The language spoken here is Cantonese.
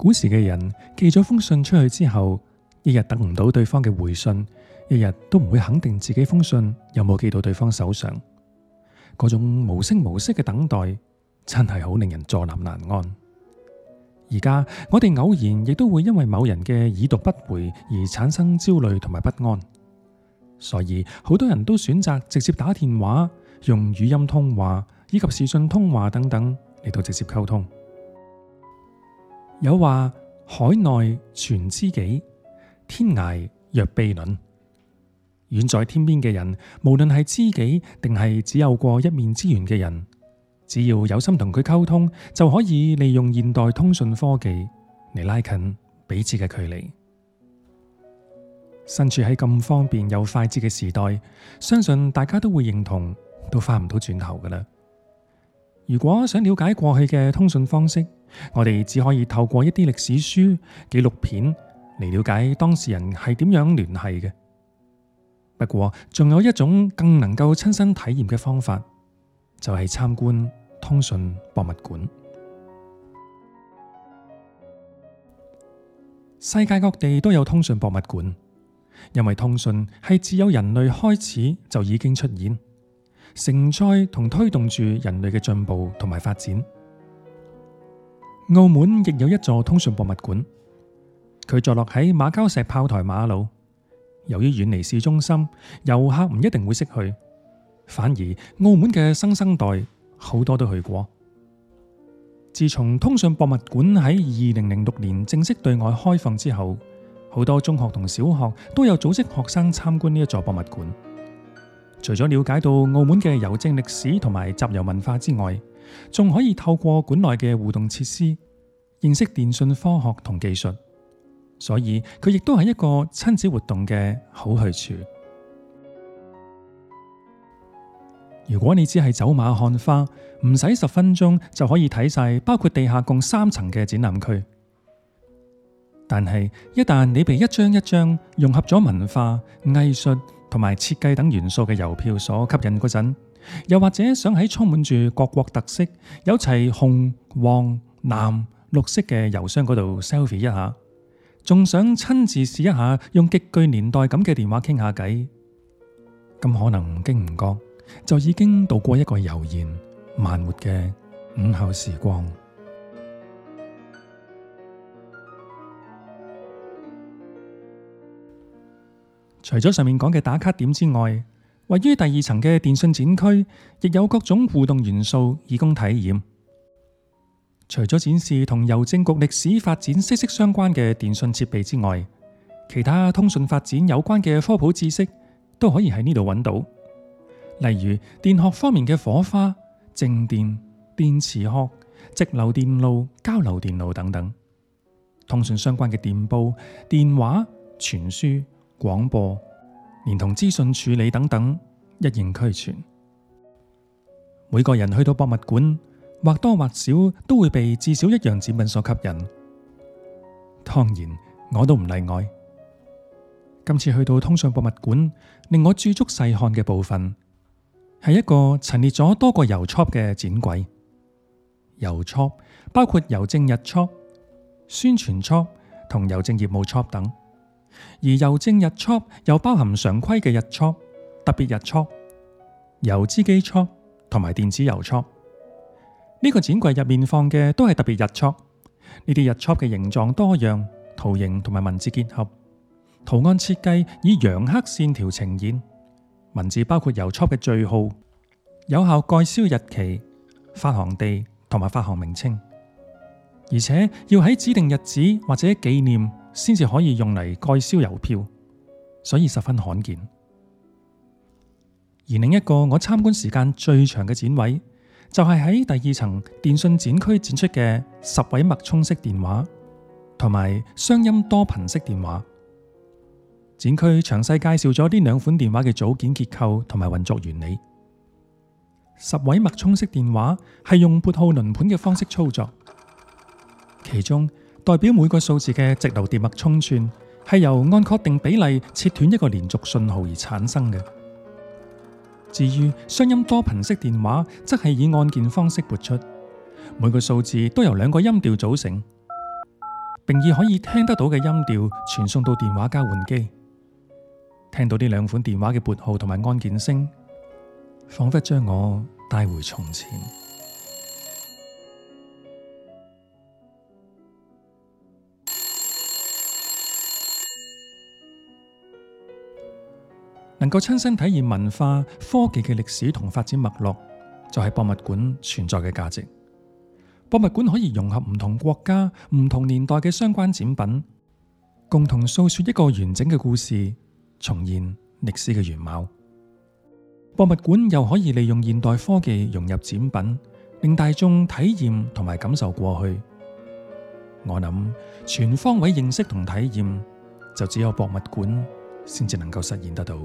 古時嘅人寄咗封信出去之後，一日等唔到對方嘅回信，一日都唔會肯定自己封信有冇寄到對方手上。嗰種無聲無息嘅等待，真係好令人坐立難安。而家我哋偶然亦都會因為某人嘅已讀不回而產生焦慮同埋不安，所以好多人都選擇直接打電話、用語音通話、以及視訊通話等等嚟到直接溝通。有話海內存知己，天涯若比鄰。遠在天邊嘅人，無論係知己定係只有過一面之緣嘅人，只要有心同佢溝通，就可以利用現代通訊科技嚟拉近彼此嘅距離。身處喺咁方便又快捷嘅時代，相信大家都會認同，都翻唔到轉頭㗎喇。如果想了解過去嘅通訊方式，我哋只可以透過一啲歷史書、紀錄片嚟了解當事人係點樣聯繫嘅。不過，仲有一種更能夠親身體驗嘅方法，就係、是、參觀通訊博物館。世界各地都有通訊博物館，因為通訊係自有人類開始就已經出現。承載同推動住人類嘅進步同埋發展。澳門亦有一座通訊博物館，佢坐落喺馬交石炮台馬路。由於遠離市中心，遊客唔一定會識去，反而澳門嘅新生，生代好多都去過。自從通訊博物館喺二零零六年正式對外開放之後，好多中學同小學都有組織學生參觀呢一座博物館。除咗了，了解到澳門嘅郵政歷史同埋集郵文化之外，仲可以透過館內嘅互動設施認識電信科學同技術，所以佢亦都係一個親子活動嘅好去處。如果你只係走馬看花，唔使十分鐘就可以睇晒包括地下共三層嘅展覽區，但係一旦你被一張一張融合咗文化藝術藝術同埋設計等元素嘅郵票所吸引嗰陣，又或者想喺充滿住各國特色，有齊紅、黃、藍、綠色嘅郵箱嗰度 selfie 一下，仲想親自試一下用極具年代感嘅電話傾下偈。咁可能唔經唔覺就已經度過一個悠然慢活嘅午後時光。除咗上面講嘅打卡點之外，位於第二層嘅電信展區亦有各種互動元素以供體驗。除咗展示同郵政局歷史發展息息相關嘅電信設備之外，其他通訊發展有關嘅科普知識都可以喺呢度揾到。例如電學方面嘅火花、靜電、電磁學、直流電路、交流電路等等，通訊相關嘅電報、電話、傳輸。廣播，連同資訊處理等等一應俱全。每個人去到博物館，或多或少都會被至少一樣展品所吸引。當然，我都唔例外。今次去到通訊博物館，令我駐足細看嘅部分，係一個陳列咗多個郵戳嘅展櫃。郵戳包括郵政日戳、宣傳戳同郵政業務戳等。而郵政日戳又包含常規嘅日戳、特別日戳、郵資機戳同埋電子郵戳。呢、這個展櫃入面放嘅都係特別日戳。呢啲日戳嘅形狀多樣，圖形同埋文字結合，圖案設計以陽刻線條呈現，文字包括郵戳嘅序號，有效蓋銷日期、發行地同埋發行名稱，而且要喺指定日子或者紀念，先至可以用嚟蓋銷郵票，所以十分罕見。而另一個我參觀時間最長嘅展位，就係、是、喺第二層電信展區展出嘅十位脈衝式電話同埋雙音多頻式電話。展區詳細介紹咗呢兩款電話嘅組件結構同埋運作原理。十位脈衝式電話係用撥號輪盤嘅方式操作，其中。代表每個數字嘅直流電脈衝串，係由按確定比例切斷一個連續信號而產生嘅。至於雙音多頻式電話，則係以按鍵方式撥出，每個數字都由兩個音調組成，並以可以聽得到嘅音調傳送到電話交換機。聽到呢兩款電話嘅撥號同埋按鍵聲，仿佛將我帶回從前。能夠親身體驗文化科技嘅歷史同發展脈絡，就係博物館存在嘅價值。博物館可以融合唔同國家、唔同年代嘅相關展品，共同訴說一個完整嘅故事，重現歷史嘅原貌。博物館又可以利用現代科技融入展品，令大眾體驗同埋感受過去。我諗全方位認識同體驗，就只有博物館先至能夠實現得到。